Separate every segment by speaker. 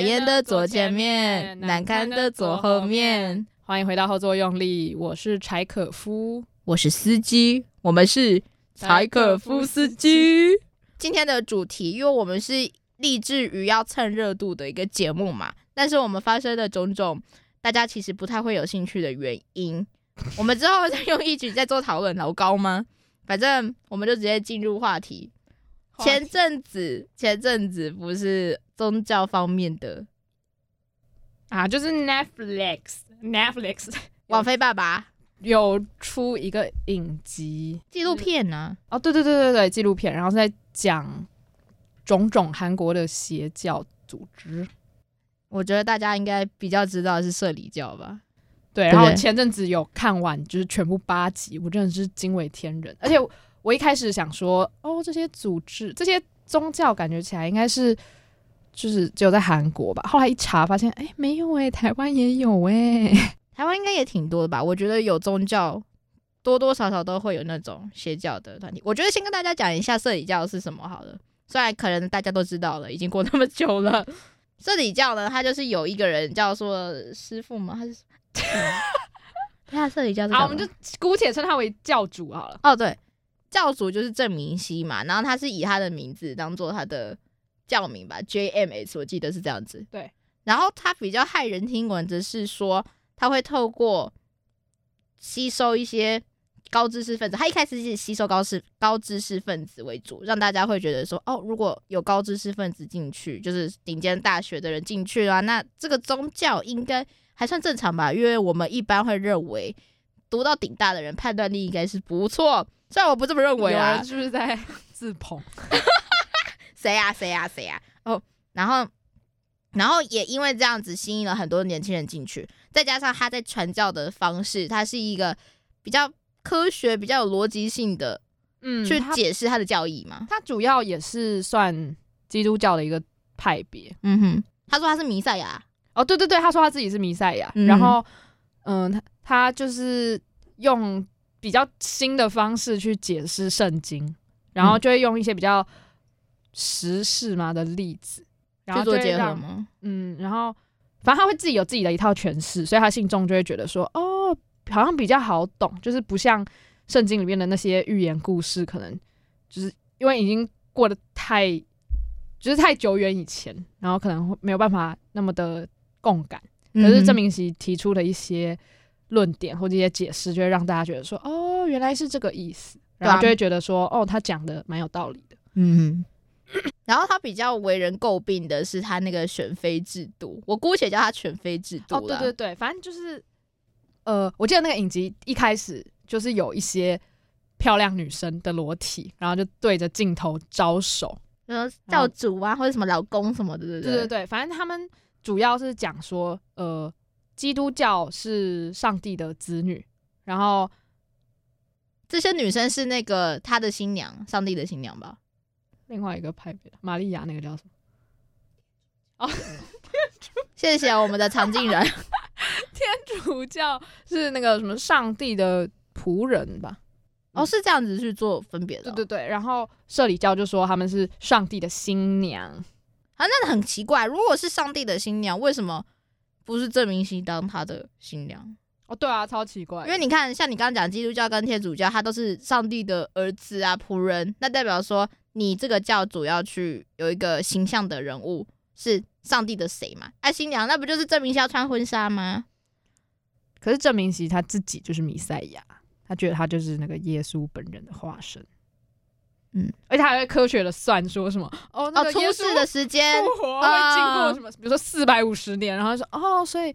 Speaker 1: 演的左前面，難堪的，的左後面。歡迎回到後座用力，
Speaker 2: 我是柴可夫，
Speaker 1: 我是司機，我們是柴可夫司機。司機今天的主題，因為我們是立志於要蹭熱度的一個節目嘛，但是我們發生的種種，大家其實不太會有興趣的原因， 我們之後再用一局再做討論，老 高嗎？反正我們就直接進入話題。話題前陣子，前陣子不是。宗教方面的啊，就是
Speaker 2: Netflix，Netflix，Netflix
Speaker 1: 網飛爸爸有出一個影集紀錄片呢、啊。哦，對對對對對，
Speaker 2: 紀錄片，然後是在講種種韓國的邪教組織。我
Speaker 1: 覺得大家應該
Speaker 2: 比較知道是攝理教吧？對。對，然後前陣子有看完，就是全部八集，我真的是驚為天人。而且我，我一開始想說，哦，這些組織，這些宗教，感覺起來應該是。就是只有在韓國
Speaker 1: 吧，後來一查發現，哎、欸，沒有哎、欸，台灣也有哎、欸，台灣應該也挺多的吧？我覺得有宗教，多多少少都會有那種邪教的團體。我覺得先跟大家講一下攝理教是什麼好了，雖然可能大家都知道了，已經過那麼久了。攝理教呢，他就是有一個人叫做師傅嘛，他是哈哈，嗯、 他攝理教是好，我們就姑且稱他為教主好了。哦，對，教主就是鄭明析嘛，然後他是以他的名字當做他的。教名吧，JMS，我記得是這樣子。對，然後他比較駭人聽聞的是說，他會透過吸收一些高知識分子，他一開始是吸收高知高知識分子為主，讓大家會覺得說，哦，如果有高知識分子進去，就是頂尖大學的人進去啊，那這個宗教應該還算正常吧？因為我們一般會認為，讀到頂大的人判斷力應該是不錯，雖然我不這麼認為啦、啊，就是在自捧。 誰啊？誰啊？誰啊？哦，然後，然後也因為這樣子吸引了很多年輕人進去，再加上他在傳教的方式，他是一個比較科學、比較有邏輯性的，嗯，去解釋他的教義嘛。他主要也是算基督教的一個派別。嗯哼，他
Speaker 2: 說他是彌賽亞。哦，對對對，他說他自己是彌賽亞。嗯、然後，嗯、呃，他他就是用比較新的方式去解釋聖經，然後就會用一些比較。嗯時事嘛的例子然後就會結合嗎，去做結合嗎，嗯，然後反正他會自己有自己的一套詮釋，所以他信眾就會覺得說，哦，好像比較好懂，就是不像聖經裡面的那些寓言故事，可能就是因為已經過得太就是太久遠以前，然後可能會沒有辦法那麼的共感。嗯、可是鄭明析提出的一些論點或一些解釋，就會讓大家覺得說，哦，原來是這個意思，然後就會覺得說，啊、哦，他講的蠻
Speaker 1: 有道理的，嗯。然後他比較為人詬病的是他那個選妃制度，我姑且叫他選妃制度了、哦。對對對，反正就是，呃，我記得那個
Speaker 2: 影集一開始就是有一些漂亮女生的裸體，然後就對着鏡頭招手，
Speaker 1: 呃，叫主啊或者什麼老公什麼的。對，對對對，反正他們主要是講說，呃，基督教是上帝的子女，然後這些女生是那個他的新娘，上帝的新娘吧。另外一個派別，瑪利亞那個叫什麼？
Speaker 2: 哦，天主。謝謝我們的藏鏡人。天主教是那個什麼上帝的僕人吧？哦，是這樣子去做分別的、哦嗯。對對對。然後
Speaker 1: 攝理教就說他們
Speaker 2: 是上帝的新娘。
Speaker 1: 啊，那個、很奇怪。如果是上帝的新娘，為什麼不是鄭明析當他的新娘？哦，對啊，超奇怪。因為你看，像你剛剛講基督教跟天主教，它都是上帝的兒子啊，僕人。那代表說。你這個教主要去有一個形象的人物是上帝的誰嘛。哎，新娘那不就是證明要穿婚紗嗎？可是證明其實他自己
Speaker 2: 就是彌賽亞，他覺得他就是那個耶穌本人的化身。嗯，而且他還會科學的算說什麼哦，那個耶、哦、出世的時間他會經過什麼？哦、比如說四百五十年，然後說哦，所以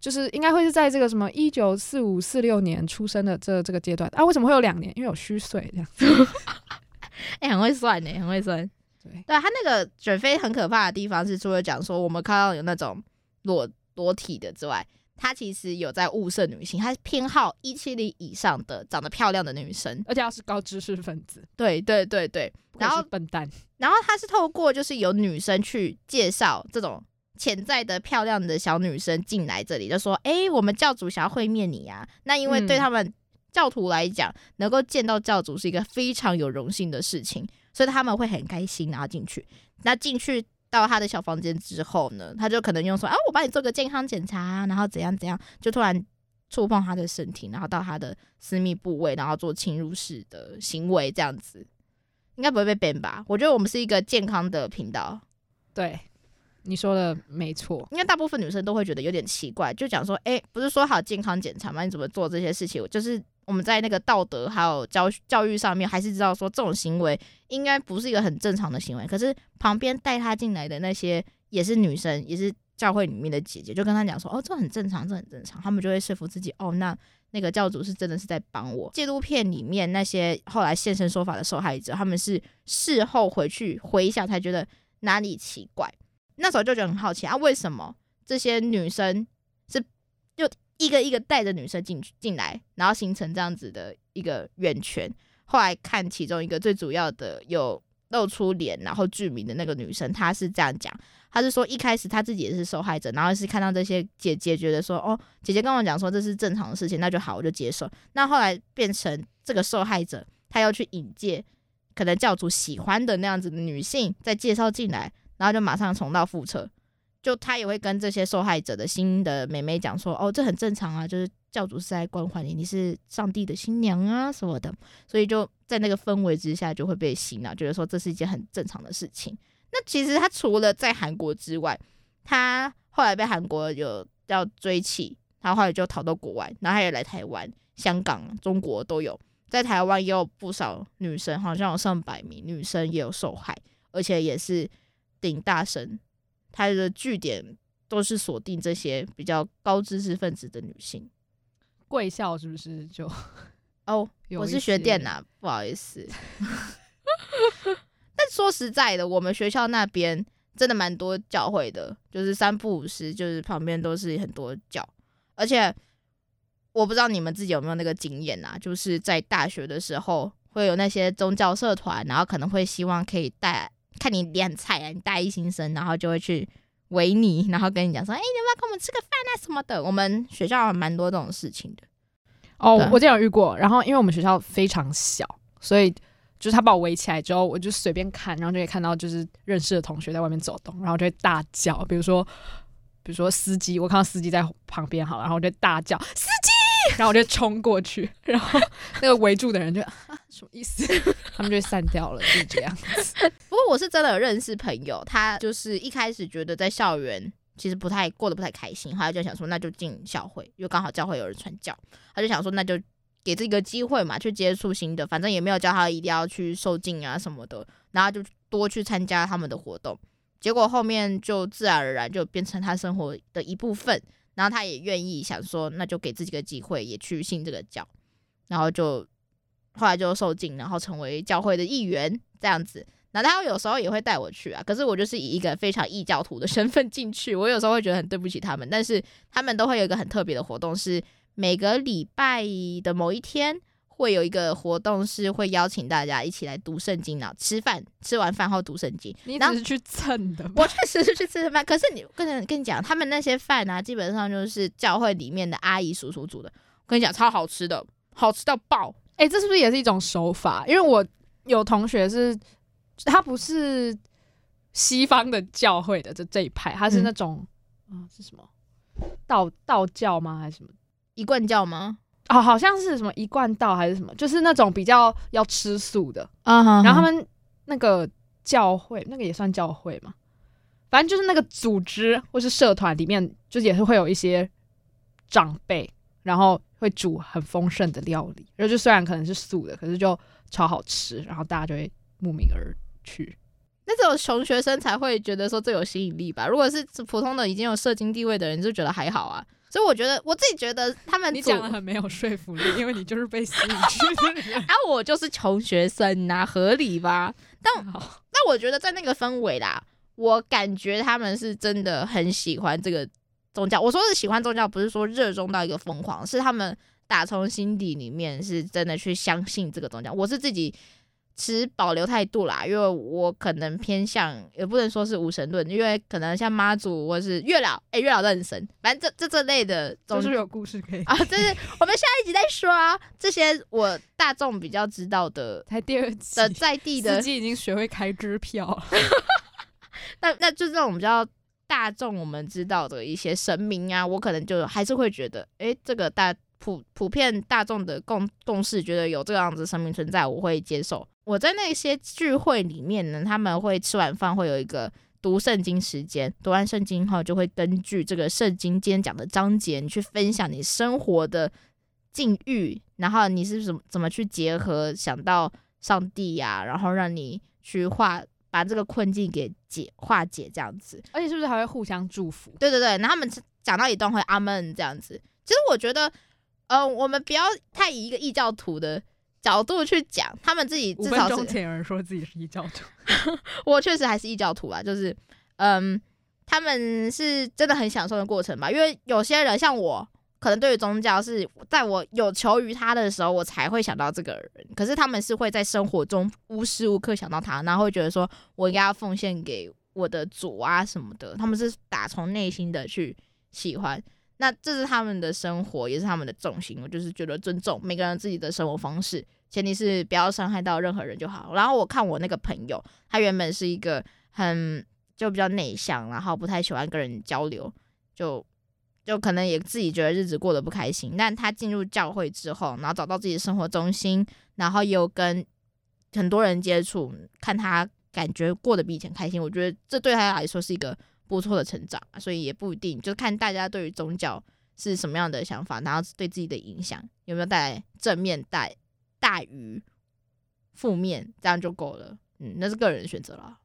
Speaker 2: 就是應該會是在這個什麼一九四五四六年出生的這這個階段啊？為什麼會有兩年？因為有虛歲這樣子。
Speaker 1: 哎、欸，很會算誒、欸，很會算。對，他那個選妃很可怕的地方是，除了講說我們看到有那種裸裸體的之外，他其實有在物色女性，他偏好一七零以上的長得漂亮的女生，而且他是高知識分子。對對對對。然後笨蛋。然後他是透過就是有女生去介紹這種潛在的漂亮的小女生進來這裡，就說哎、欸，我們教主想要會面你呀、啊，那因為對他們、嗯。教徒來講，能夠見到教主是一個非常有榮幸的事情，所以他們會很開心，然後進去。那進去到他的小房間之後呢，他就可能用說：“啊，我幫你做個健康檢查，然後怎樣怎樣。”就突然觸碰他的身體，然後到他的私密部位，然後做侵入式的行為，這樣子應該不會被 ban 吧？我覺得我們是一個健康的頻道。對，你說的沒錯。應該大部分女生都會覺得有點奇怪，就講說：“誒，不是說好健康檢查嗎？你怎麼做這些事情？”我就是。我們在那個道德還有教教育上面，還是知道說這種行為應該不是一個很正常的行為。可是旁邊帶他進來的那些也是女生，也是教會裡面的姐姐，就跟他講說：“哦，這很正常，這很正常。”他們就會說服自己：“哦，那那個教主是真的是在幫我。”紀錄片裡面那些後來現身說法的受害者，他們是事後回去回想才覺得哪裡奇怪。那時候就覺得很好奇啊，為什麼這些女生是又？就一個一個帶着女生進去進來，然後形成這樣子的一個圓圈。後來看其中一個最主要的有露出臉，然後具名的那個女生，她是這樣講，她是說一開始她自己也是受害者，然後是看到這些姐姐覺得說，哦，姐姐跟我講說這是正常的事情，那就好，我就接受。那後來變成這個受害者，她要去引薦可能教主喜歡的那樣子的女性再介紹進來，然後就馬上重蹈覆轍。就他也會跟這些受害者的新的妹妹講說，哦，這很正常啊，就是教主是在關懷你，你是上帝的新娘啊什麼的，所以就在那個氛圍之下就會被洗腦，覺得說這是一件很正常的事情。那其實他除了在韓國之外，他後來被韓國有要追起，然後後來就逃到國外，然後他也來台灣、香港、中國都有，在台灣也有不少女生，好像有上百名女生也有受害，而且也是頂大神。它的據點都是鎖定這些比較高知識分子的女性，
Speaker 2: 貴校是不是就
Speaker 1: 哦、oh？我是學電腦、啊，不好意
Speaker 2: 思。
Speaker 1: 但說實在的，我們學校那邊真的蠻多教會的，就是三不五時，就是旁邊都是很多教，而且我不知道你們自己有沒有那個經驗啦，啊、就是在大學的時候會有那些宗教社團，然後可能會希望可以帶。看你練菜啊，你大一新生，然後就會去圍你，然後跟你講說：“哎、欸，你要不要跟我們吃個飯啊什麼的？”我們學校蠻多這種事情的。哦，我之前有遇過。然後因為我們學校非常小，所以就是他把我圍起來
Speaker 2: 之後，我就隨便看，然後就可以看到就是認識的同學在外面走動，然後就會大叫，比如說比如說司機，我看到司機在旁邊好了，然後我就大叫司機，然後我就衝過去，然後那個圍住的人就 啊什麼意思？ 他們就散掉了，
Speaker 1: 就這樣子。 我是真的認識朋友，他就是一開始覺得在校園其實不太過得不太開心，後來就想說那就進教會，又剛好教會有人傳教，他就想說那就給自己個機會嘛，去接觸新的，反正也沒有叫他一定要去受浸啊什麼的，然後就多去參加他們的活動，結果後面就自然而然就變成他生活的一部分，然後他也願意想說那就給自己個機會也去信這個教，然後就後來就受浸，然後成為教會的一員這樣子。那他有時候也會帶我去啊，可是我就是以一個非常異教徒的身份進去。我有時候會覺得很對不起他們，但是他們都會有一個很特別的活動，是每個禮拜的某一天會有一個活動，是會邀請大家一起來讀聖經，然後吃飯，吃完飯後讀聖經。你只是去蹭的嗎，我確實是去吃飯。可是你跟你跟你講，他們那些飯啊，基本上就是教會裡面的阿姨叔叔煮的。我跟你講，超好吃的，好吃到爆！哎、欸，這是不是也是一種手法？因為我有同學是。
Speaker 2: 他不是西方的教會的這這一派，他是那種啊、嗯哦、是什麼道道教嗎？還是什麼一貫教嗎？哦，好像是什麼一貫道還是什麼，就是那種比較要吃素的、啊、然後他們那個，那個教會，那個也算教會嘛，反正就是那個組織或是社團裡面，就也是會有一些長輩，然後會煮很豐盛的料理，然後就雖然可能是素的，可是就超好吃，然後大家就會慕名而來。
Speaker 1: 去，那這種窮學生才會覺得說最有吸引力吧。如果是普通的已經有社經地位的人，就覺得還好啊。所以我覺得我自己覺得他們你講得
Speaker 2: 很沒有說
Speaker 1: 服力， 因為你就是被吸引去的。然 後、啊、我就是窮學生啊，合理吧？但那我覺得在那個氛圍啦，我感覺他們是真的很喜歡這個宗教。我說是喜歡宗教，不是說熱衷到一個瘋狂，是他們打從心底裡面是真的去相信這個宗教。我是自己持保留態度啦，因為我可能偏向，也不能說是無神論，因為可能像媽祖或是月老，哎、欸，月老都很神，反正這這這類的總是有故事可以啊。就 是我們下一集再說啊，這些我大眾比較知道的才第二集的在地的，已經學會開支票哈， 那那就這種比較大眾我們知道的一些神明啊，我可能就還是會覺得，哎、欸，這個大普普遍大眾的共共識覺得有這個樣子的神明存在，我會接受。我在那些聚會裡面呢，他們會吃完飯，會有一個讀聖經時間，讀完聖經後就會根據這個聖經今天講的章節，你去分享你生活的境遇，然後你是怎麼怎麼去結合想到上帝呀、啊，然後讓你去化，把這個困境給解，化解這樣子，而且是不是還會互相祝福？對對對，然後他們講到一段會阿門這樣子。其實我覺得，嗯、呃，我們不要太以一個異教徒的。角度去講，他們自己至少之前
Speaker 2: 有人說自己是異教徒，
Speaker 1: 我確實還是異教徒啊，就是，嗯，他們是真的很享受的過程吧，因為有些人像我，可能對於宗教是，在我有求於他的時候，我才會想到這個人，可是他們是會在生活中無時無刻想到他，然後會覺得說我應該要奉獻給我的主啊什麼的，他們是打從內心的去喜歡。那這是他們的生活，也是他們的重心。我就是覺得尊重每個人自己的生活方式，前提是不要傷害到任何人就好。然後我看我那個朋友，他原本是一個很就比較內向，然後不太喜歡跟人交流，就就可能也自己覺得日子過得不開心。但他進入教會之後，然後找到自己的生活中心，然後又跟很多人接觸，看他感覺過得比以前開心。我覺得這對他來說是一個不錯的成長，所以也不一定，就看大家對於宗教是什麼樣的想法，然後對自己的影響有沒有帶來正面，帶大於負面，這樣就夠了。嗯，那是個人選擇了。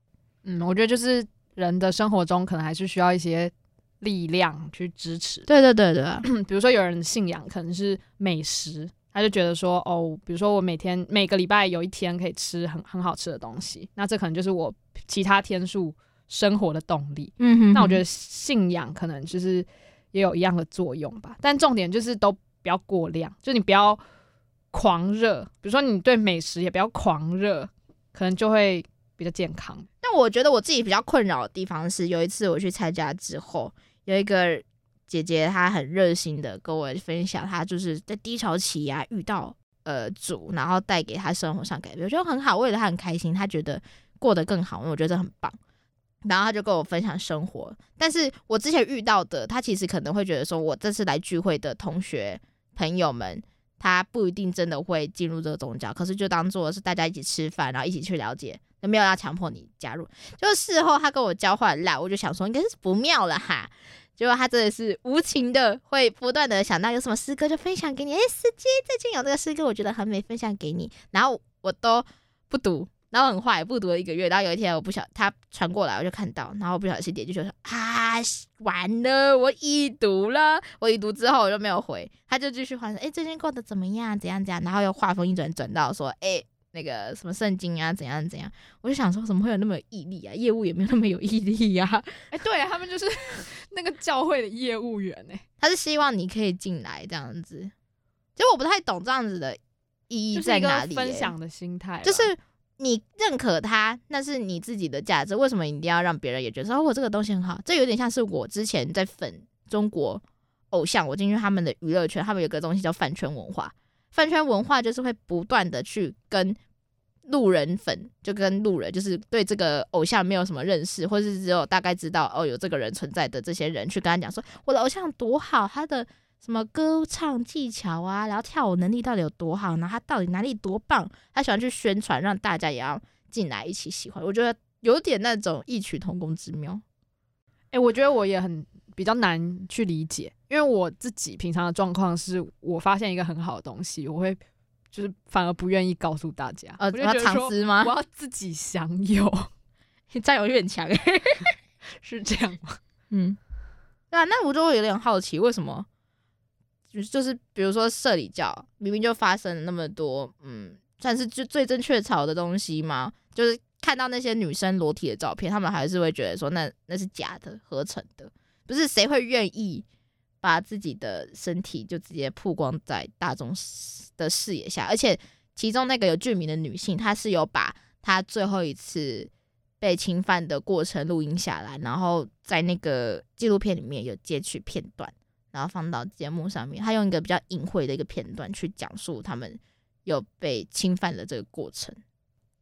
Speaker 2: 嗯，我覺得就是人的生活中可能還是需要一些力量去支持。對
Speaker 1: 對對對。
Speaker 2: 比如說有人信仰可能是美食，他就覺得說哦，比如說我每天每個禮拜有一天可以吃很很好吃的東西，那這可能就是我其他天數。生活的動力，嗯哼哼，那我覺得信仰可能就是也有一樣的作用吧，但重點就是都不要過量，就你不要狂熱，比如說你對美食也不要狂熱，可能就會比較健康。
Speaker 1: 那我覺得我自己比較困擾的地方是，有一次我去參加之後，有一個姐姐她很熱心的跟我分享，她就是在低潮期啊遇到呃主，然後帶給她生活上改變，我覺得很好，我覺得她很開心，她覺得過得更好，我覺得這很棒。然後他就跟我分享生活，但是我之前遇到的他其實可能會覺得說，我這次來聚會的同學朋友們，他不一定真的會進入這個宗教，可是就當做是大家一起吃飯，然後一起去了解，沒有要強迫你加入。就事後他跟我交換賴，我就想說應該是不妙了哈。結果他真的是無情的，會不斷的想到有什麼詩歌就分享給你，哎，師姐，最近有這個詩歌，我覺得很美，分享給你。然後我都不讀。然後很壞，不讀了一個月。然後有一天我不小，他傳過來我就看到，然後我不小心點擊就說啊，完了，我已讀了。我已讀之後我就沒有回，他就繼續還說，哎、欸，最近過得怎麼樣？怎樣怎樣？然後又話鋒一轉，轉到說，哎、欸，那個什麼聖經啊，怎樣怎樣？我就想說，怎麼會有那麼有毅力啊？業務也沒有那麼有毅力呀、啊？哎、欸，對他們就是那個教會的業務員哎、欸， 他是希望你可以進來這樣子，其實我不太懂這樣子的意義在哪裡、欸，就是、分享的心態就是。你認可他，那是你自己的價值。為什麼一定要讓別人也覺得說哦，我這個東西很好？這有點像是我之前在粉中國偶像，我進去他們的娛樂圈，他們有個東西叫飯圈文化。飯圈文化就是會不斷的去跟路人粉，就跟路人，就是對這個偶像沒有什麼認識，或是只有大概知道哦，有這個人存在的這些人，去跟他講說我的偶像多好，他的。什麼歌唱技巧啊，然後跳舞能力到底有多好呢？然後他到底哪裡多棒？他喜歡去宣傳，讓大家也要進來一起喜歡。我覺得有點那種異曲同工之妙。哎、欸，我覺得我也很
Speaker 2: 比較難去理解，因為我自己平常的狀況是，我發現一個很好的東西，我會就是反而不願意告訴大家。呃，我，我要、呃、嘗試嗎？我要自己
Speaker 1: 享有，佔有慾很強。 是這樣嗎？嗯， 嗯啊、那那我就會有點好奇，為什麼？就是比如說攝理教，明明就發生了那麼多，嗯，算是就最正確潮的東西嗎？就是看到那些女生裸體的照片，他們還是會覺得說，那那是假的、合成的，不是誰會願意把自己的身體就直接曝光在大眾的視野下。而且其中那個有劇名的女性，她是有把她最後一次被侵犯的過程錄音下來，然後在那個紀錄片裡面有截取片段。然後放到節目上面，他用一個比較隱晦的一個片段去講述他們有被侵犯的這個過程。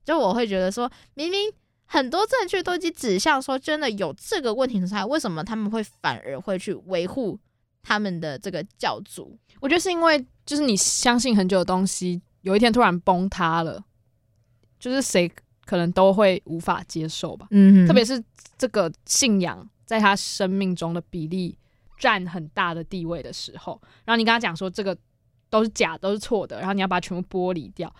Speaker 1: 就我會覺得說，明明很多證據都已經指向說，真的有這個問題存在，為什麼他們會反而會去維護他們的這個教主？我覺得是因為，就是你
Speaker 2: 相信很久的東西，有一天突然崩塌了，就是誰可能都會無法接受吧。嗯，特別是這個信仰在他生命中的比例。佔很大的地位的時候，然後你跟他講說這個都是假，都是錯的，然後你要把它全部剝離掉，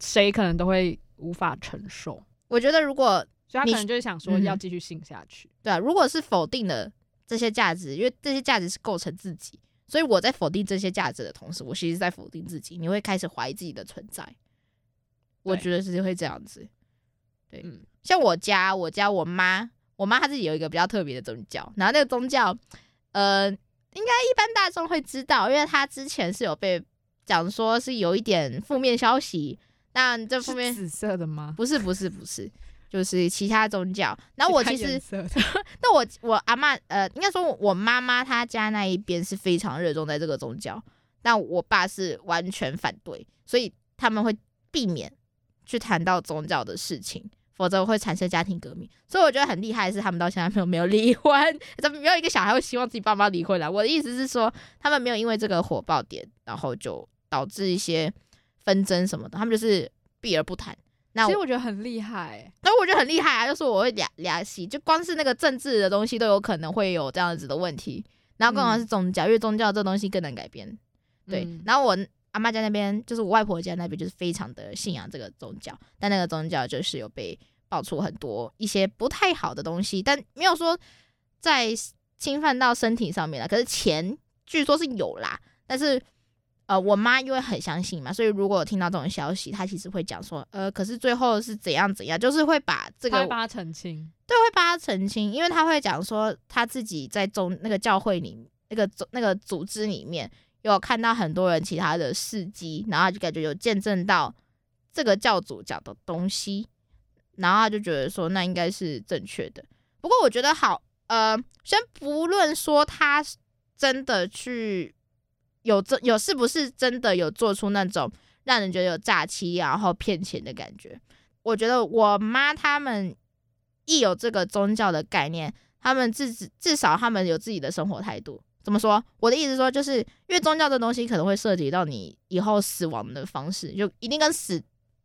Speaker 2: 誰可能都會無法承受。
Speaker 1: 我覺得如果你，所以他可能就是想說要繼
Speaker 2: 續信下去。
Speaker 1: 嗯嗯，對啊。如果是否定了這些價值，因為這些價值是構成自己，所以我在否定這些價值的同時，我其實在否定自己，你會開始懷疑自己的存在。
Speaker 2: 我覺
Speaker 1: 得是會這樣子。對，嗯、像我家，我家我媽，我媽她自己有一個比較特別的宗教，然後那個宗教。呃，應該一般大眾會知道，因為他之前是有被講說是有一點負面消息，但這負面是紫色的嗎？不是，不是，不是，就是其他宗教。那我其實，其 那我我阿嬤，呃，應該說我媽媽她家那一邊是非常熱衷在這個宗教，但我爸是完全反對，所以他們會避免去談到宗教的事情。否則會產生家庭革命，所以我覺得很厲害是，他們到現在沒有沒有離婚，怎麼沒有一個小孩會希望自己爸媽離婚呢、啊？我的意思是說，他們沒有因為這個火爆點，然後就導致一些紛爭什麼的，他們就是避而不談。那所以我
Speaker 2: 覺得很厲害，
Speaker 1: 但我覺得很厲害啊，就是我會了了解，就光是那個政治的東西都有可能會有這樣子的問題，然後更何況是宗教，因為宗教的這東西更能改變，嗯、對，然後我。阿媽家那邊就是我外婆家那邊，就是非常的信仰這個宗教，但那個宗教就是有被爆出很多一些不太好的東西，但沒有說在侵犯到身體上面了，可是錢據說是有啦，但是呃，我媽因為很相信嘛，所以如果我聽到這種消息，她其實會講說，呃，可是最後是怎樣怎樣，就是會把這個，會幫她澄清，對，會幫她澄清，因為她會講說她自己在宗那個教會裡面那個宗那個組織裡面。有看到很多人其他的事蹟，然後他就感覺有見證到這個教主講的東西，然後他就覺得說那應該是正確的。不過我覺得好，呃，先不論說他真的去有這，有是不是真的有做出那種讓人覺得有詐欺然後騙錢的感覺，我覺得我媽他們一有這個宗教的概念，他們自己至少他們有自己的生活態度。怎麼說？我的意思說，就是因為宗教這東西可能會涉及到你以後死亡的方式，就一定跟死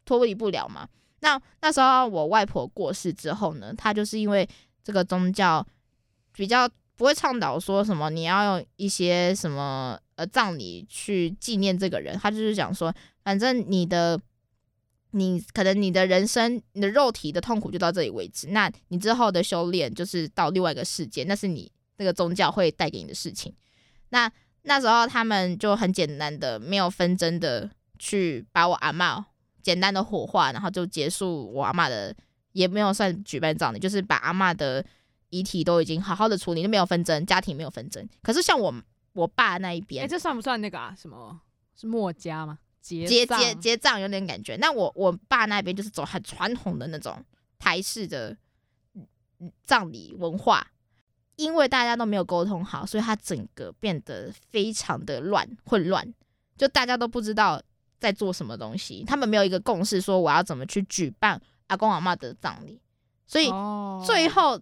Speaker 1: 脫離不了嘛。那那時候我外婆過世之後呢，她就是因為這個宗教比較不會倡導說什麼你要用一些什麼呃葬禮去紀念這個人，她就是講說，反正你的你可能你的人生你的肉體的痛苦就到這裡為止，那你之後的修煉就是到另外一個世界，那是你。那個宗教會帶給你的事情，那那時候他們就很簡單的，沒有紛爭的去把我阿嬤、哦、簡單的火化，然後就結束我阿嬤的，也沒有算舉辦葬禮，就是把阿嬤的遺體都已經好好的處理，就沒有紛爭，家庭沒有紛爭。可是像我我爸那一邊，哎、欸，這算
Speaker 2: 不算那個、啊、什麼？
Speaker 1: 是墨家嗎？節節節節葬有點感覺。那我我爸那邊就是走很傳統的那種台式的葬禮文化。因為大家都沒有溝通好，所以他整個變得非常的亂混亂，就大家都不知道在做什麼東西。他們沒有一個共識，說我要怎麼去舉辦阿公阿嬤的葬禮。所以最後，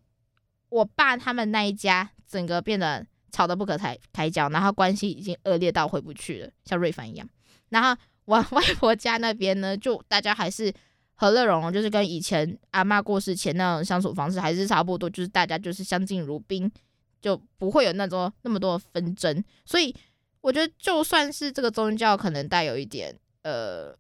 Speaker 1: 我爸他們那一家整個變得吵得不可開開交，然後關係已經惡劣到回不去了，像瑞凡一樣。然後我外婆家那邊呢，就大家還是。和樂融融就是跟以前阿嬤過世前那種相處方式還是差不多，就是大家就是相敬如賓，就不會有那種那麼多紛爭。所以我覺得，就算是這個宗教可能帶有一點呃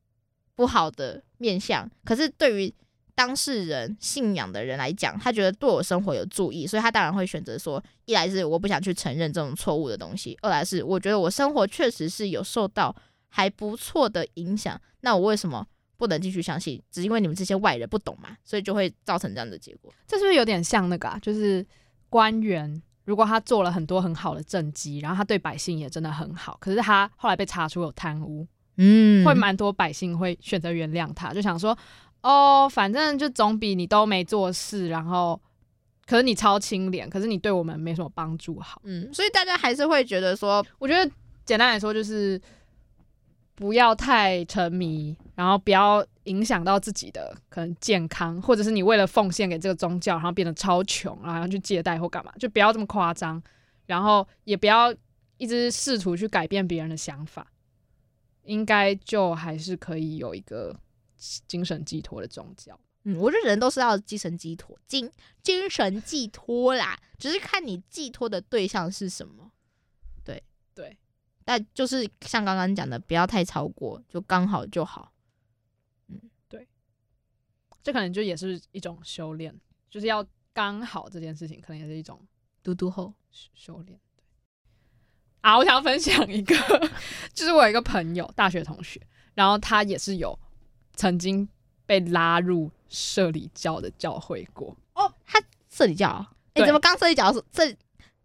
Speaker 1: 不好的面向，可是對於當事人信仰的人來講，他覺得對我生活有助益，所以他當然會選擇說：一來是我不想去承認這種錯誤的東西；二來是我覺得我生活確實是有受到還不錯的影響。那我為什麼？不能繼續相信，只因為你們這些外人不懂嘛，所以就會造成這樣的結果。這是不是有點像那個啊？就是官員，如果他
Speaker 2: 做了很多很好的政績，然後他對百姓也真的很好，可是他後來被查出有貪污，嗯，會蠻多百姓會選擇原諒他，就想說，哦，反正就總比你都沒做事，然後可是你超清廉，可是你對我們沒什麼幫助，好，嗯，所以大家還是會覺得說，我覺得簡單來說就是。不要太沉迷，然後不要影響到自己的可能健康，或者是你為了奉獻給這個宗教，然後變得超窮，然後去借貸或幹嘛，就不要這麼誇張，然後也不要一直試圖去改變別人的想法，應該就還是可以有一個精神寄託的宗教。嗯，我覺得
Speaker 1: 人都是要精神寄託，精精神寄託啦，只 是看你寄託的對象是什麼。對對。那就是像剛剛講的，不要太超過，就剛好就好。嗯，
Speaker 2: 對，這可能就也是一種修煉，就是要剛好這件事情，可能也是一種嘟嘟後修煉。啊，我想分享一個，就是我有一個朋友，大學同學，然後他也是有曾經被拉入攝理教的教會過。哦，他攝理教？啊？哎、欸，怎麼剛攝
Speaker 1: 理教是這。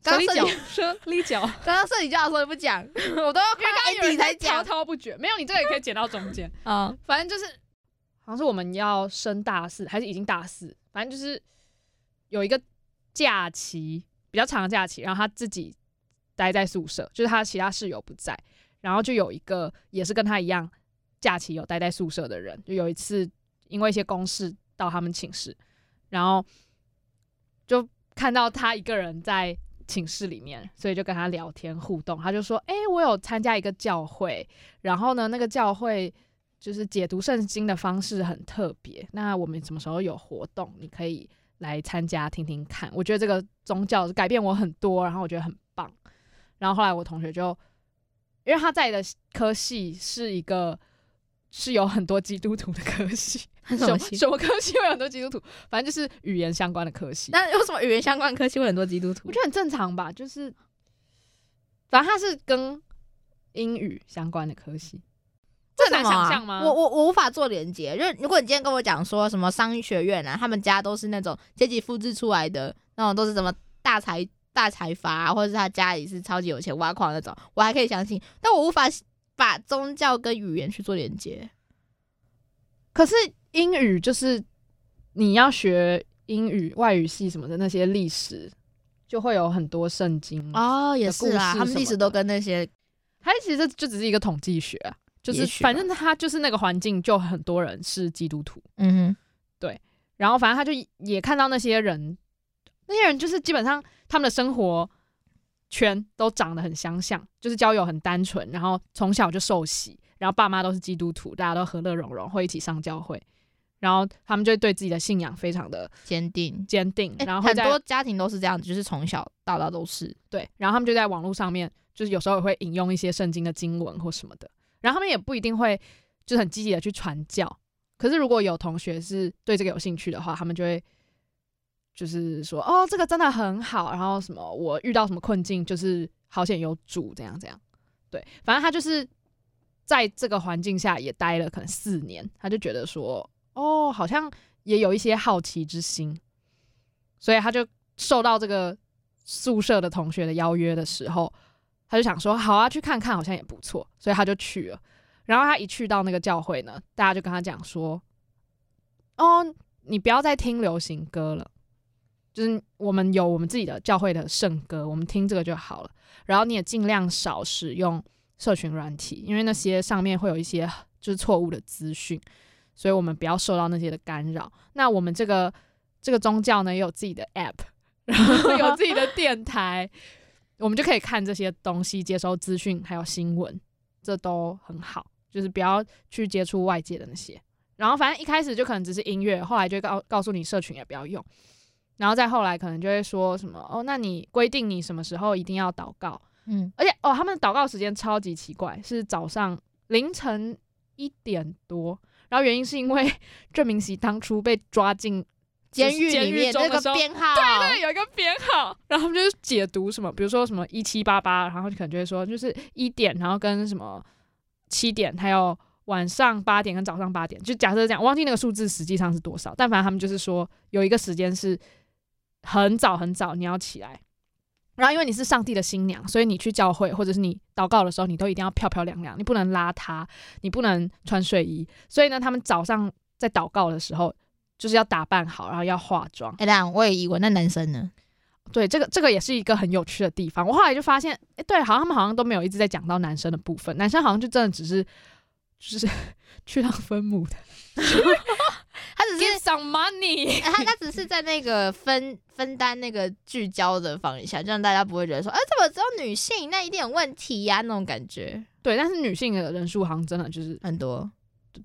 Speaker 1: 攝理教
Speaker 2: 說攝理教，剛剛說攝理教的時候就不講，我都要看到講。 剛剛滔滔不絕， 沒有你這個也可以剪到中間啊。 哦、反正就是，好像是我們要升大四，還是已經大四，反正就是有一個假期，比較長的假期，然後他自己待在宿舍，就是他其他室友不在，然後就有一個也是跟他一樣假期有待在宿舍的人，就有一次因為一些公事到他們寢室，然後就看到他一個人在。寢室裡面，所以就跟他聊天互動。他就說：“誒、欸，我有參加一個教會，然後呢，那個教會就是解讀聖經的方式很特別。那我們什麼時候有活動，你可以來參加聽聽看。我覺得這個宗教改變我很多，然後我覺得很棒。然後後來我同學就，因為他在的科系是一個。”是有很多基督徒的科系，什麼，什麼科系會有很多基督徒？反正就是語言相關的科系。那有什麼語言相關的科
Speaker 1: 系會有很多基督徒？我覺得很
Speaker 2: 正常吧，就是反正它是跟英語相關的科系。正常想象嗎？啊、我我
Speaker 1: 我無法做連接。就如果你今天跟我講說什麼商學院啊，他們家都是那種階級複制出來的，那種都是什麼大財大財閥、啊，或者是他家裡是超級有錢挖礦那種，我還可以相信。但我無法。把宗教跟語言去做連接，可是英語就是
Speaker 2: 你要學英語、外語系什麼的，那些歷史，就會有很多聖經啊、哦，也是啊，他們歷史都跟那些，他其實就只是一個統計學啊，就是反正他就是那個環境，就很多人是基督徒，嗯哼，對，然後反正他就也看到那些人，那些人就是基本上他們的生活，圈都長得很相像，就是交友很單純，然後從小就受洗，然後爸媽都是基督徒，大家都和樂融融，會一起上教會，然後他們就對自己的信仰非常的堅定，堅定。堅定，然後很多家庭都是這樣子，就是從小到大，大都是。對，然後他們就在網絡上面，就是有時候也會引用一些聖經的經文或什麼的，然後他們也不一定會，就很積極的去傳教。可是如果有同學是對這個有興趣的話，他們就會。就是說，哦，這個真的很好。然後什麼，我遇到什麼困境，就是好險有主，這樣這樣。對，反正他就是在這個環境下也待了可能四年，他就覺得說，哦，好像也有一些好奇之心。所以他就受到這個宿舍的同學的邀約的時候，他就想說，好啊，去看看，好像也不錯，所以他就去了。然後他一去到那個教會呢，大家就跟他講說，哦，你不要再聽流行歌了。就是我們有我們自己的教會的聖歌，我們聽這個就好了。然後你也盡量少使用社群軟體，因為那些上面會有一些就是錯誤的資訊，所以我們不要受到那些的干擾。那我們這個這個宗教呢，也有自己的 app，然後有自己的電台， 我們就可以看這些東西，接收資訊還有新聞，這都很好。就是不要去接觸外界的那些。然後反正一開始就可能只是音樂，後來就告告訴你社群也不要用。然後再後來可能就會說什麼哦，那你規定你什麼時候一定要禱告？嗯，而且哦，他們禱告時間超級奇怪，是早上凌晨一點多。然後原因是因為鄭明熙當初被抓進監獄裡面，監獄的時候那個編號，對對，有一個編號。然後他們就解讀什麼，比如說什麼一七八八，然後可能就會說就是一點，然後跟什麼七點，還有晚上八點跟早上八點，就假設這樣，忘記那個數字實際上是多少，但反正他們就是說有一個時間是。很早很早你要起來，然後因為你是上帝的新娘，所以你去教會或者是你禱告的時候，你都一定要漂漂亮亮，你不能邋遢，你不能穿睡衣。所以呢，他們早上在禱告的時候，就是要打扮好，然後要化妝。哎、欸、呀，那我也以為那男生呢？對，這個這個也是一個很有趣的地方。我後來就發現，哎、欸，對，好像他們好像都沒有一直在講到男生的部分，男生好像就真的只是。就是
Speaker 1: 去當分母的 他只是想 get some money，他、欸、他只是在那個分分擔那個聚焦的方向，這樣大家不會覺得說，哎、啊，怎麼只有女性？那一定有問題呀、啊，那種感覺。對，但是女性的人數好像真
Speaker 2: 的就是很多，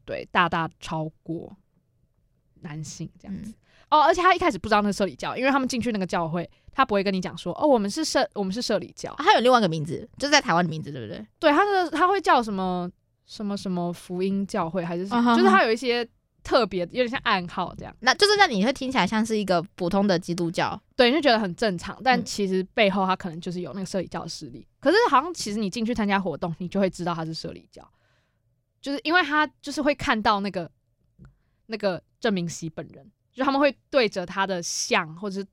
Speaker 2: 對，大大超過男性這樣子。嗯、哦，而且他一開始不知道那是攝理教，因為他們進去那個教會，他不會跟你講說，哦，我們是攝，我們是攝理教、啊，他有另外一個名字，就是在台灣的名字，對不對？對，他是他會叫什麼？什麼什麼福音教會還是什麼、uh -huh. 就是它有一些特別，有點像暗號這樣。那就是讓你會聽起來像是一個普通的基督教，對，你就覺得很正常。但其實背後它可能就是有那個攝理教的勢力、嗯。可是好像其實你進去參加活動，你就會知道它是攝理教，就是因為他就是會看到那個那個鄭明析本人，就他們會對着他的像，或者是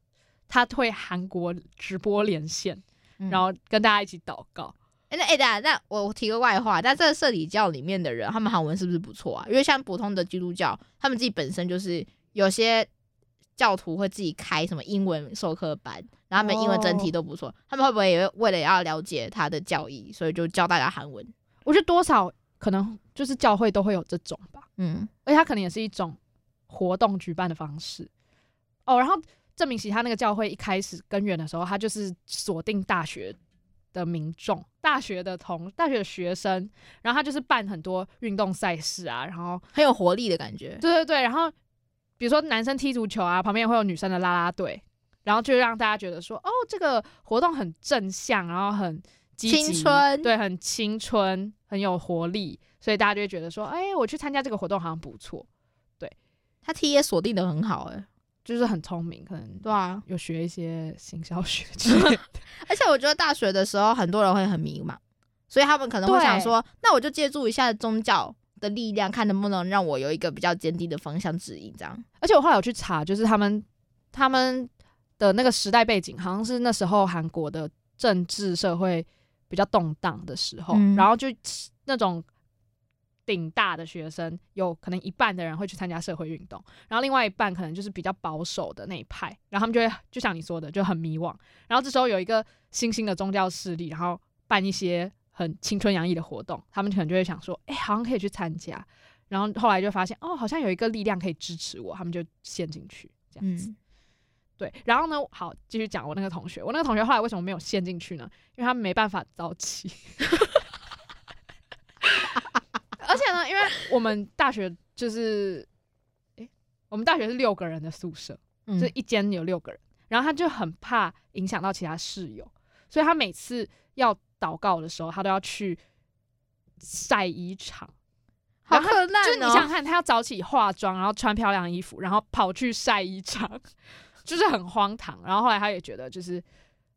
Speaker 2: 他會韓國直播連線、嗯，然後跟大家一起禱告。
Speaker 1: 那、欸、哎，那我提個外話，那這個攝理教裡面的人，他們韓文是不是不錯啊？因為像普通的基督教，他們自己本身就是有些教徒會自己開什麼英文授課班，然後他們英文整體都不錯、哦。他們會不會也為了要了解他的教義，所以就教大家韓文？我覺得多少可能
Speaker 2: 就是教會都會有這種吧。嗯，而且他可能也是一種活動舉辦的方式。哦，然後證明其他那個教會一開始根源的時候，他就是鎖定大學的民眾，大學的同大學的學生，然後他就是辦很多運動賽事啊，然後很有活力的感覺。對對對，然後比如說男生踢足球啊，旁邊會有女生的拉拉隊，然後就讓大家覺得說，哦，這個活動很正向，然後很
Speaker 1: 積極，
Speaker 2: 對，很青春，很有活力，所以大家就會覺得說，哎，我去參加這個活動好像不錯。對，
Speaker 1: 他 T 也鎖定得很好哎、欸。
Speaker 2: 就是很聰明，可能對啊，有學一些行銷學之類的。 而且我覺
Speaker 1: 得大學的時候很多人會很迷茫，所以他們可能會想說，那我就借助一下宗教的力量，看能不能讓我有一個比較堅定的方向指引。這樣，而且我後來有去查，就是他們他們的那個時代背景，好像是那時候韓國的
Speaker 2: 政治社會比較動盪的時候，嗯，然後就那種。頂大的學生，有可能一半的人會去參加社會運動，然後另外一半可能就是比較保守的那一派，然後他們就會就像你說的，就很迷惘。然後這時候有一個新興的宗教勢力，然後辦一些很青春洋溢的活動，他們可能就會想說，哎、欸，好像可以去參加。然後後來就發現，哦，好像有一個力量可以支持我，他們就陷進去這樣子、嗯。對，然後呢，好，繼續講我那個同學。我那個同學後來為什麼沒有陷進去呢？因為他沒辦法早起。 而且呢，因為我們大學就是，誒、欸，我們大學是六個人的宿舍，嗯、就是、一間有六個人。然後他就很怕影響到其他室友，所以他每次要禱告的時候，他都要去曬衣場。好可憐哦！就是、你想想看，他要早起化妝，然後穿漂亮衣服，然後跑去曬衣場，就是很荒唐。然後後來他也覺得，就是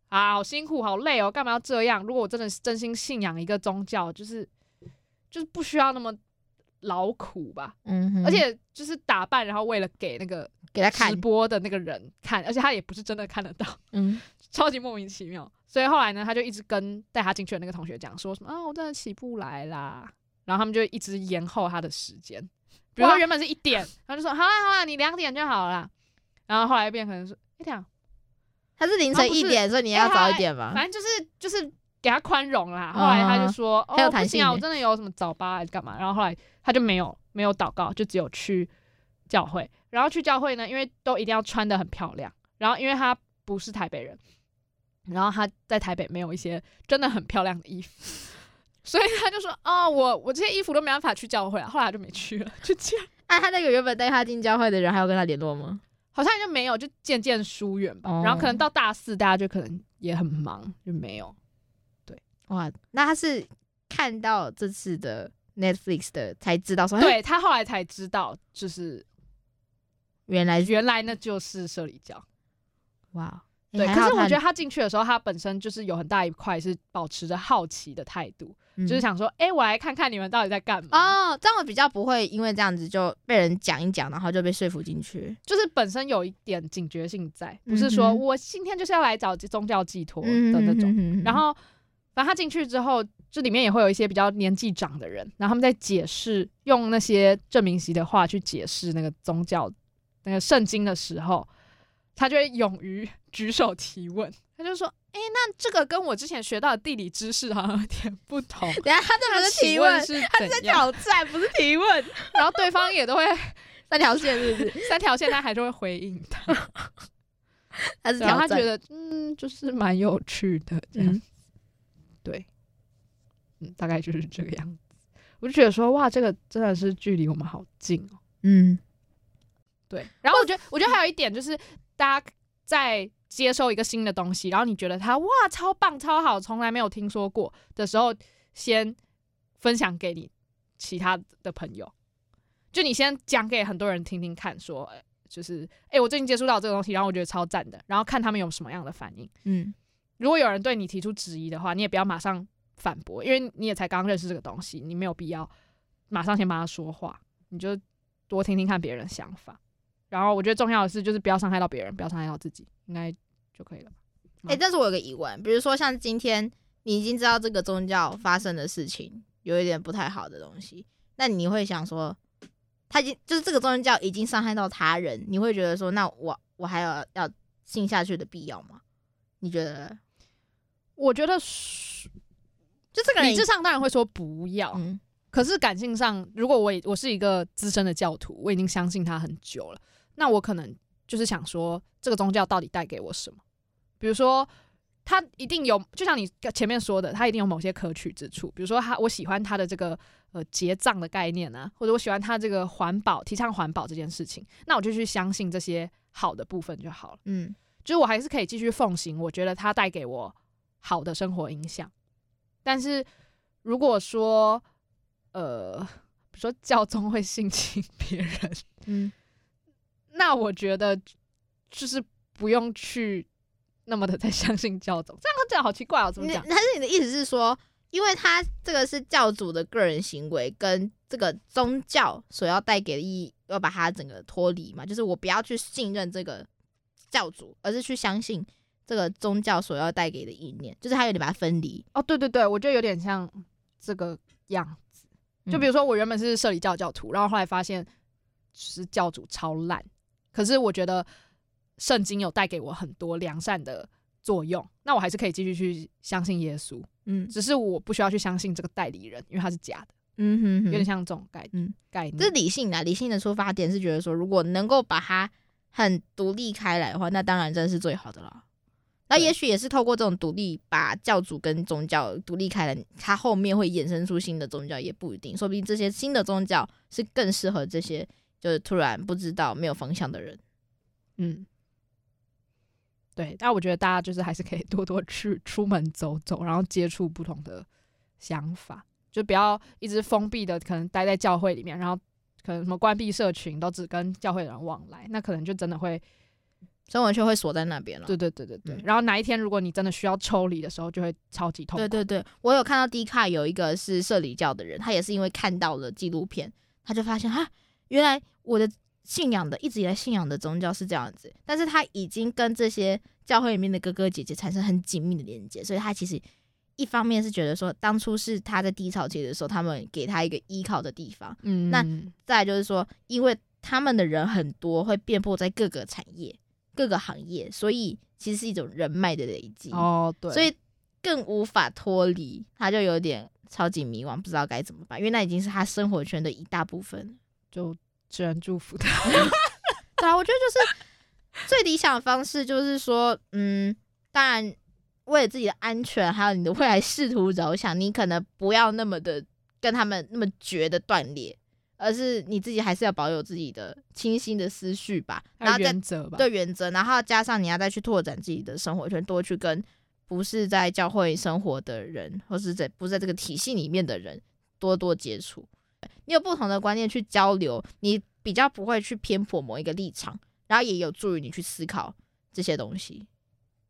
Speaker 2: 啊，好辛苦，好累哦，幹嘛要這樣？如果我真的真心信仰一個宗教，就是。就是不需要那麼勞苦吧，嗯，而且就是打扮，然後為了給那個給他看直播的那個人看，看，而且他也不是真的看得到，嗯，超級莫名其妙。所以後來呢，他就一直跟帶他進去的那個同學講說什麼啊、哦，我真的起不來啦。然後他們就一直延後他的時間，比如說原本是一點，他就說好了好了，你兩點就好了。然後後來變成是一點，他、欸、是凌晨一點、啊，所以你要早一點嘛。反正就是就是。給他寬容啦。後來他就說：“ oh, 哦有彈性欸、不行、啊，我真的有什麼早八還是幹嘛。”然後後來他就沒有沒有禱告，就只有去教會。然後去教會呢，因為都一定要穿得很漂亮。然後因為他不是台北人，然後他在台北沒有一些真的很漂亮的衣
Speaker 1: 服，
Speaker 2: 所以他就說：“哦，我我這些衣服都沒辦法去教會。”後來就沒去了，就這
Speaker 1: 樣。哎、 啊，他那個原本帶他進教會的人，還要跟他聯絡嗎？
Speaker 2: 好像就沒有，就漸漸疏遠吧。Oh. 然後可能到大四，大家就可能也很忙，就沒有。
Speaker 1: 哇，那他是看到這次的 Netflix 的才知道說對，對
Speaker 2: 他後來才知道，就是
Speaker 1: 原來原來那就是攝理教。哇，欸、對。可是我覺得
Speaker 2: 他進去的時候，他本身就是有很
Speaker 1: 大一塊是保持着好奇的態度、嗯，就是想說，哎、欸，我來看看你們到底在幹嘛。哦，這樣我比較不會因為這樣子就被人講一講，然後就被說服進去。就是本身有一點警覺性在，不是說我今天就是要來找宗教寄
Speaker 2: 托的那種，嗯、然後。然後他進去之後，這裡面也會有一些比較年紀長的人，然後他們在解釋，用那些證明席的話去解釋那個宗教、那個聖經的時候，他就會勇於舉手提問。他就說：“哎，那這個跟我之前學到的地理知識好像有點不同。”等下，他這不是提問，他問他在挑戰，不是提問。 然後對方也都會 三條線，是不是三條線？他還是會回應他，然後 他覺得嗯，就是蠻有趣的這樣。嗯對，嗯，大概就是這個樣子。我就覺得說，哇，這個真的是距離我們好近哦。嗯，對。然後我覺得，我覺得還有一點就是，大家在接受一個新的東西，然後你覺得它哇，超棒、超好，從來沒有聽說過的時候，先分享給你其他的朋友，就你先講給很多人聽聽看，說，就是，欸，我最近接觸到這個東西，然後我覺得超讚的，然後看他們有什麼樣的反應。嗯。如果有人對你提出質疑的話，你也不要馬上反駁，因為你也才剛認識這個東西，你沒有必要馬上先幫他說話，你就多聽聽看別人的想法。然後我覺得重要的是，就是不要傷害
Speaker 1: 到別人，不要傷害到自己，
Speaker 2: 應該就可以了吧。誒、欸，
Speaker 1: 但是我有個疑問，比如說像今天你已經知道這個宗教發生的事情有一點不太好的東西，那你會想說，他已經就是這個宗教已經傷害到他人，你會覺得說，那我我還有要信下去的必要嗎？你覺得？我覺得，就這個理智上當然會說不要，嗯、可是感性
Speaker 2: 上，如果我我是一個資深的教徒，我已經相信他很久了，那我可能就是想說，這個宗教到底帶給我什麼？比如說，他一定有，就像你前面說的，他一定有某些可取之處。比如說他，他我喜歡他的這個呃結賬的概念啊，或者我喜歡他這個環保提倡環保這件事情，那我就去相信這些好的部分就好了。嗯，就是我還是可以繼續奉行，我覺得他帶給我。好的生活影響，但是如果說，呃，比如說教宗會性侵別人，嗯，那我覺得
Speaker 1: 就是不用去那麼的再相信教宗。這
Speaker 2: 樣，這樣好奇怪哦，怎麼講？但
Speaker 1: 是你的意思是說，因為他這個是教主的個人行為，跟這個宗教所要帶給的意義，要把它整個脫離嘛，就是我不要去信任這個教主，而是去相信。這個宗教所要帶給的意念，就是它有點把它分離哦。對對對，我覺得有點像這個樣子。就比如說，我原
Speaker 2: 本是攝理教教徒，嗯，然後後來發現是教主超爛，可是我覺得聖經有帶給我很多良善的作用，那我還是可以繼續去
Speaker 1: 相信耶穌。嗯，只是我不需要去相信這個代理人，因為它是假的。嗯哼，哼，有點像這種概、嗯、概念。這是理性的、啊，理性的出發點是覺得說，如果能夠把它很獨立開來的話，那當然真是最好的了。那也許也是透過這種獨立，把教主跟宗教獨立開來，他後面會衍生出新的宗教也不一定，說不定這些新的宗教是更適合這些，就是突然不知道沒有方向的人。嗯，對，但我覺得大家就是還是可以多多去出門
Speaker 2: 走走，然後接觸不同的想法，就不要一直封閉的，可能待在教會裡面，然後可能什麼關閉社群，都只跟教會的人往來，那可能就真的會。
Speaker 1: 所以生活圈會鎖在那邊了。對對對對對、嗯。然後哪一天如果你真的需要抽離的時候，就會超級痛苦。對對對，我有看到 D 卡有一個是攝理教的人，他也是因為看到了紀錄片，他就發現啊，原來我的信仰的一直以來信仰的宗教是這樣子，但是他已經跟這些教會裡面的哥哥姐姐產生很緊密的連接，所以他其實一方面是覺得說，當初是他在低潮期的時候，他們給他一個依靠的地方。嗯。那再來就是說，因為他們的人很多，會遍布在各個產業。各個行業，所以其實是一種人脈的累積哦，對，所以更無法脫離。他就有點超級迷惘，不知道該怎麼辦，因為那已經是他生活圈的一大部分，就只能祝福他。 對啊，我覺得就是 最理想的方式就是說，嗯，當然為了自己的安全，還有你的未來仕途着想，你可能不要那麼的跟他們那麼絕的斷裂。而是你自己還是要保有自己的清新的思緒吧，然後再原則吧，對原則，然後加上你要再去拓展自己的生活圈，多去跟不是在教會生活的人，或是在不是在這個體系裡面的人多多接觸，你有不同的觀念去交流，你比較不會去偏頗某一個立場，然後也有助於你去思考這些東西，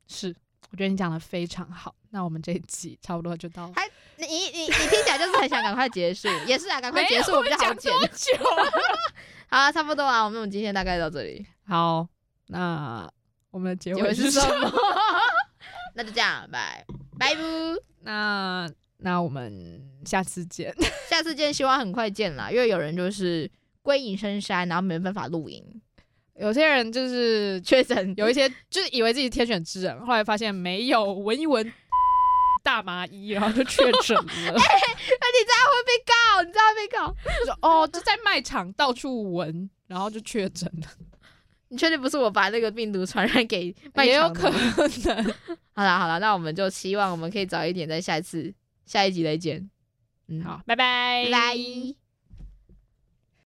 Speaker 1: 是。我覺得你講的非常好，那我們這一集差不多就到。還你你你，你聽起來就是很想趕快結束， 也是啊，趕快結束，我就想好久了。 好、啊，差不多啊，我們今天大概到這裡。好，那我們的結尾是什麼？什麼 那就這樣，拜拜拜拜。那那我們下次見，下次見，希望很快見啦，因為有人就是歸隱深山，然後沒辦法錄影。有些人就是確診，有一些就是以為自己天選之人，
Speaker 2: 後來發現沒有聞一聞大麻衣，然後就確診了。那、 欸、你知道會被告？你知道會被告？他說：“哦，就在賣場到處聞，然後就確診了。”你確定不是我把
Speaker 1: 那個病毒傳染給賣場的？也有可能。 好了好了，那我們就希望我們可以早一點在下一次下一集再見。嗯，好，拜拜，拜。